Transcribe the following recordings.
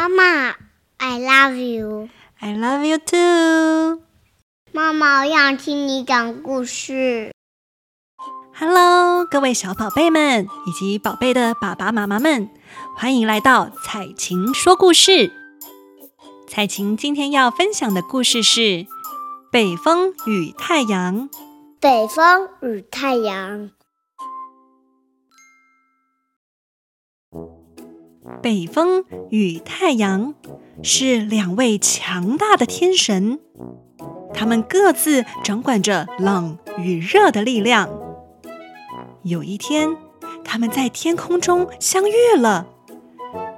媽媽，I love you. I love you too. 媽媽，我想聽你講故事。Hello，各位小寶貝們以及寶貝的爸爸媽媽們，歡迎來到采晴說故事。采晴今天要分享的故事是《北風與太陽》。北風與太陽。北風與太陽是兩位強大的天神，他們各自掌管着冷與熱的力量。有一天，他們在天空中相遇了，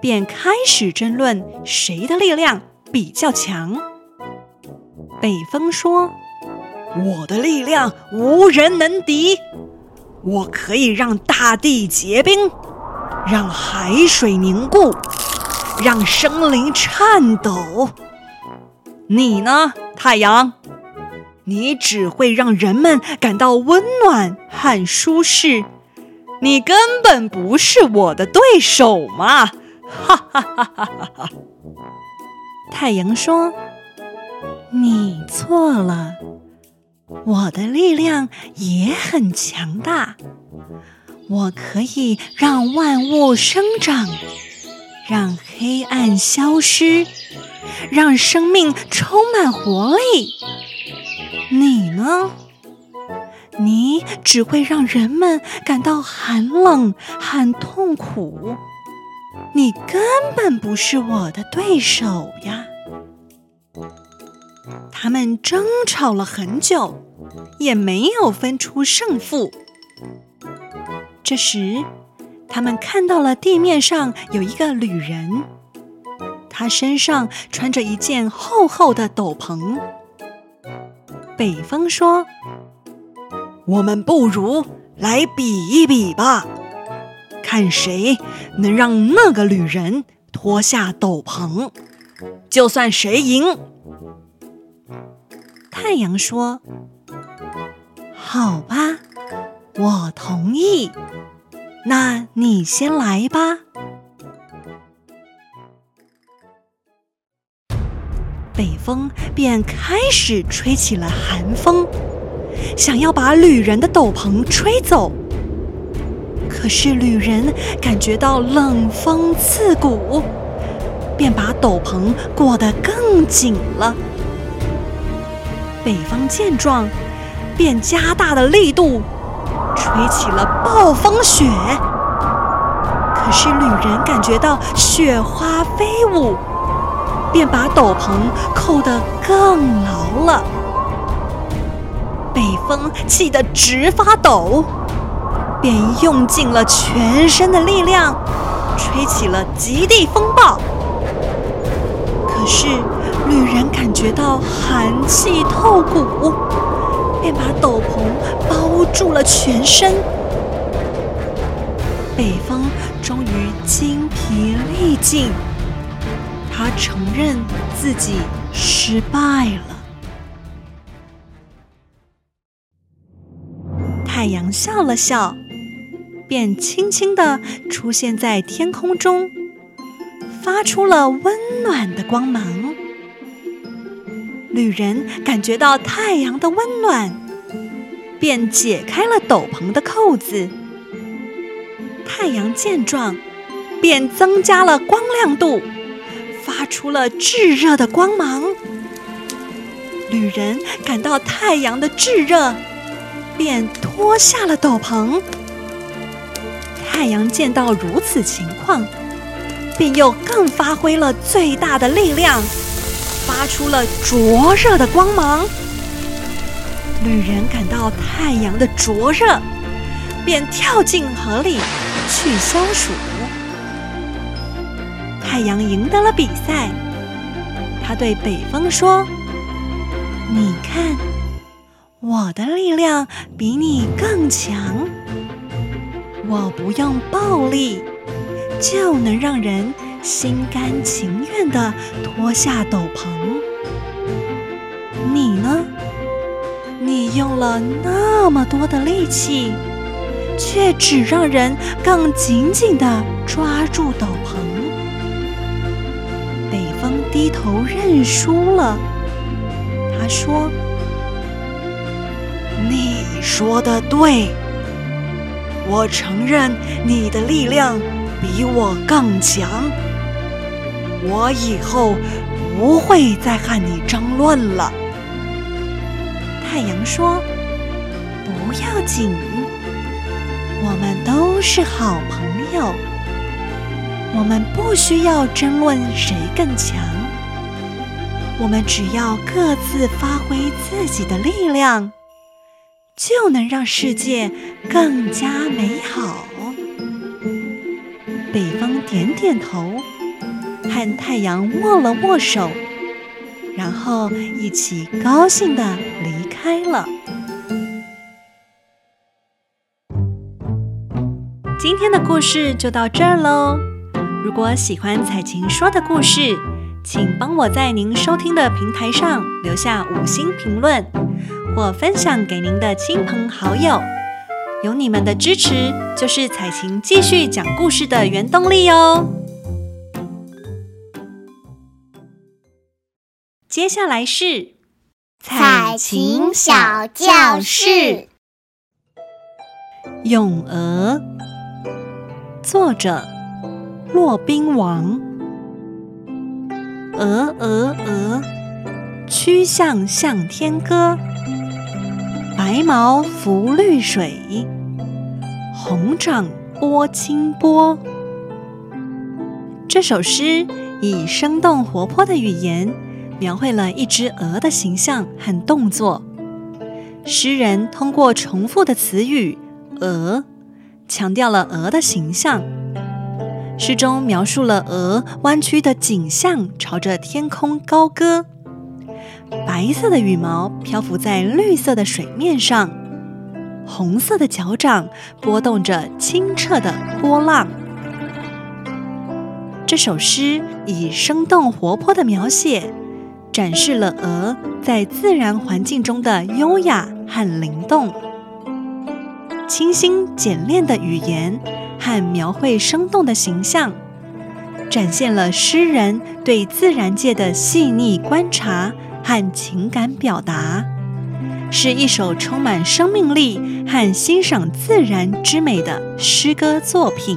便開始爭論誰的力量比較強。北風說：“我的力量無人能敵，我可以讓大地結冰。”讓海水凝固，讓生靈顫抖。你呢，太陽？你只會讓人們感到溫暖和舒適。你根本不是我的對手嘛！哈哈哈哈哈哈！太陽說：“你錯了，我的力量也很強大。”我可以讓萬物生長，讓黑暗消失，讓生命充滿活力。你呢？你只會讓人們感到寒冷、很痛苦。你根本不是我的對手呀！他們爭吵了很久，也沒有分出勝負。這時，他們看到了地面上有一個旅人，他身上穿着一件厚厚的斗篷。北風說：“我們不如來比一比吧，看誰能讓那個旅人脫下斗篷，就算誰贏。”太陽說：“好吧，我同意。”那你先來吧。北風便開始吹起了寒風，想要把旅人的斗篷吹走。可是旅人感覺到冷風刺骨，便把斗篷裹得更緊了。北風見狀，便加大了力度。吹起了暴風雪，可是旅人感覺到雪花飛舞，便把斗篷扣得更牢了。北風氣得直發抖，便用盡了全身的力量，吹起了極地風暴。可是旅人感覺到寒氣透骨。便把斗篷包住了全身。北風終於精疲力盡，他承認自己失敗了。太陽笑了笑，便輕輕地出現在天空中，發出了溫暖的光芒。旅人感覺到太陽的溫暖，便解開了斗篷的扣子。太陽見狀，便增加了光亮度，發出了炙熱的光芒。旅人感到太陽的炙熱，便脫下了斗篷。太陽見到如此情況，便又更發揮了最大的力量。發出了灼熱的光芒，旅人感到太陽的灼熱，便跳進河裡去消暑。太陽贏得了比賽，他對北風說：“你看，我的力量比你更強，我不用暴力就能讓人。”心甘情願地脫下斗篷，你呢？你用了那麼多的力氣，卻只讓人更緊緊地抓住斗篷。北風低頭認輸了，他說：“你說得對，我承認你的力量比我更強。”我以後不會再和你爭論了。太陽說：“不要緊，我們都是好朋友，我們不需要爭論誰更強。我們只要各自發揮自己的力量，就能讓世界更加美好。”北風點點頭。跟太陽握了握手，然後一起高興地離開了。今天的故事就到這兒嘍。如果喜歡采晴說的故事，請幫我在您收聽的平台上留下五星評論，或分享給您的親朋好友。有你們的支持，就是采晴繼續講故事的原動力哦。接下來是采晴小教室，《詠鵝》作者駱賓王。鵝鵝鵝，曲項向，向天歌。白毛浮綠水，紅掌撥清波。這首詩以生動活潑的語言。描繪了一隻鵝的形象和動作。詩人通過重複的詞語“鵝”，強調了鵝的形象。詩中描述了鵝彎曲的頸項朝着天空高歌，白色的羽毛漂浮在綠色的水面上，紅色的腳掌撥動着清澈的波浪。這首詩以生動活潑的描寫。展示了鵝在自然環境中的優雅和靈動，清新簡練的語言和描繪生動的形象，展現了詩人對自然界的細膩觀察和情感表達，是一首充滿生命力和欣賞自然之美的詩歌作品。